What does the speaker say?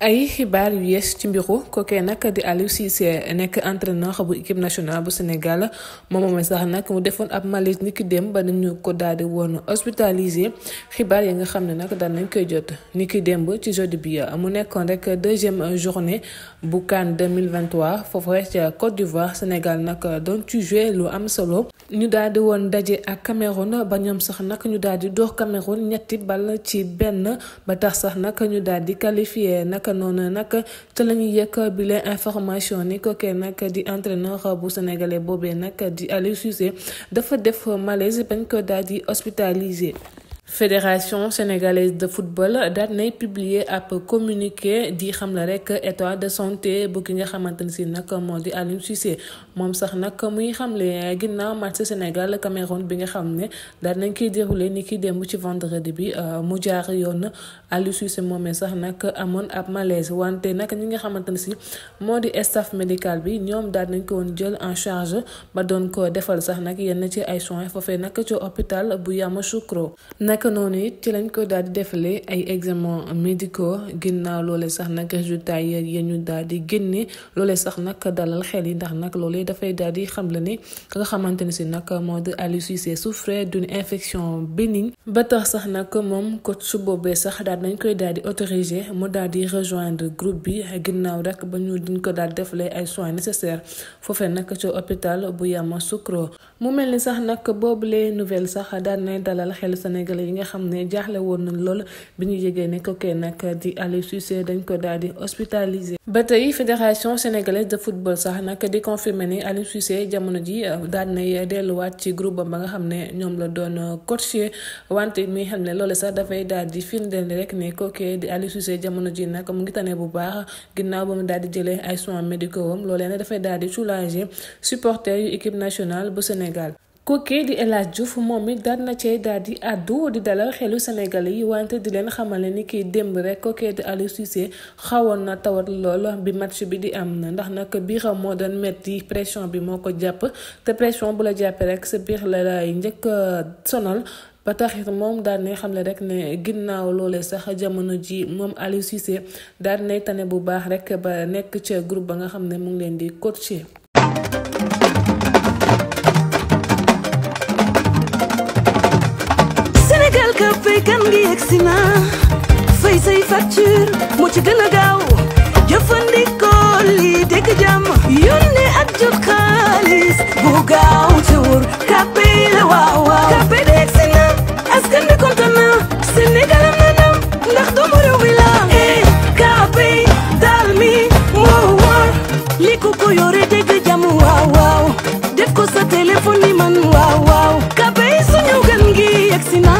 ay xibaar yu yees ci mbiru kookee nag di Aliou Cissé nekk entraîneur bu équipe nationale bu Sénégal moom moomee sax nag mu defoon ab malaise niki dem ba ñu ko daal di woon hospitalisé xibaar yi nga xam ne nag daan nañ koy jot niki démb ci jeudi bi mu nekkoon rek deuxième journée bu CAN 2023 foofu rek ca Côte d'Ivoire Sénégal nag doon ci joué lu am solo ñu daal di woon daje ak Cameroun ba ñoom sax naka ñu daal di door Cameroun ñetti bal ci benn ba tax sax nag ñu daal di qualifié nag. naka noonu nag ca la ñuy yëkk bile information ni ko kee nag di entraîneur bu sénégalais boobee nag di Aliou Cissé dafa def malaise bañ ko daal di hospitalisé. fédération sénégalaise de football daat nay publier ab communiqué di xam la rek état de santé bu ki nga xamante ne si nag moo di Aliou Cissé moom sax nag muy xam le ginnaaw match Sénégal Cameroun bi nga xam ne daat nañ kiy déroulé ni dem bu ci vendredi bi euh, mu jaar yoon Aliou Cissé moomee sax nag amoon ab malaise wante nag ñi nga xamante ne si moo di staff médical bi ñoom daat nañ ko jël en charge ba doon ko defal sax nag yenn ci ay soins foofee nag ci hôpital bu Yamoussoukro nag naka noonu it ci lañ ko daal di defalee ay examen médicaux ginnaaw loole sax nag résultat yi ya ñu daal di génne loole sax nag dalal xel yi ndax nag loolee dafay daal di xam la ne ka nga ne si nag moo di Aliou Cissé souffrait d'une infection bénigne ba tax sax nag moom coach su boobee sax daal dañ koy daal di autorisé mu daal di rejoindre groupe bi ginnaaw rek ba ñu diñ ko daal di defalee ay soins nécessaires foofee nag ci hôpital bu Yamoussoukro mu mel ni sax nag yi nga xam ne jaaxle woon nañ lool bi ñu jegee ne kookee nag di Aliou Cissé dañ ko daal di hospitalisé. ba tey fédération sénégalaise de football sax nag di confirmer ni Aliou Cissé jamono ji euh, daal nay delluwaat ci groupe ba nga xam ne ñoom la doon euh, coacher wante muy xam ne loolu sax dafay daal di firndeel rek ne kookee di Aliou Cissé jamono ji nag mu ngi tane bu baax ginnaaw ba mu daal di jëlee ay soins médicaux am loolee nag dafay daal di soulager supporters yu équipe nationale bu Sénégal. kookee di El Hadj Diouf moom it daan na cee daal di àddu di dalal xelu Sénégalais yi wante di leen xamale ni kii démb rek kookee di Aliou xawoon na tawat lool bi match bi di am na ndax nag biiram moo doon metti pression bi moo ko jàpp te pression bu la jàppee rek sa biir la lay njëkk sonal. ba taxit moom daal di xamle rek ne ginnaaw loole sax jamono ji moom Aliou Cissé daal di tane bu baax rek ba nekk ca groupe ba nga xam ne mu ngi leen di coacher. Asina fay say facture moo ci gën a gaaw jëfandikoo lii dégg jàmm yónnee ak jot xaalis bu gaaw te wóor la waaw waaw kàppe de egsi na askan bi kontaan na Sénégal am na ndam ndax doomu réew mi la eh daal mi moo wóor li ko ko yore dégg jàmm waaw waaw def ko sa téléphone yi man waaw waaw kàppe suñu gan gi egsi na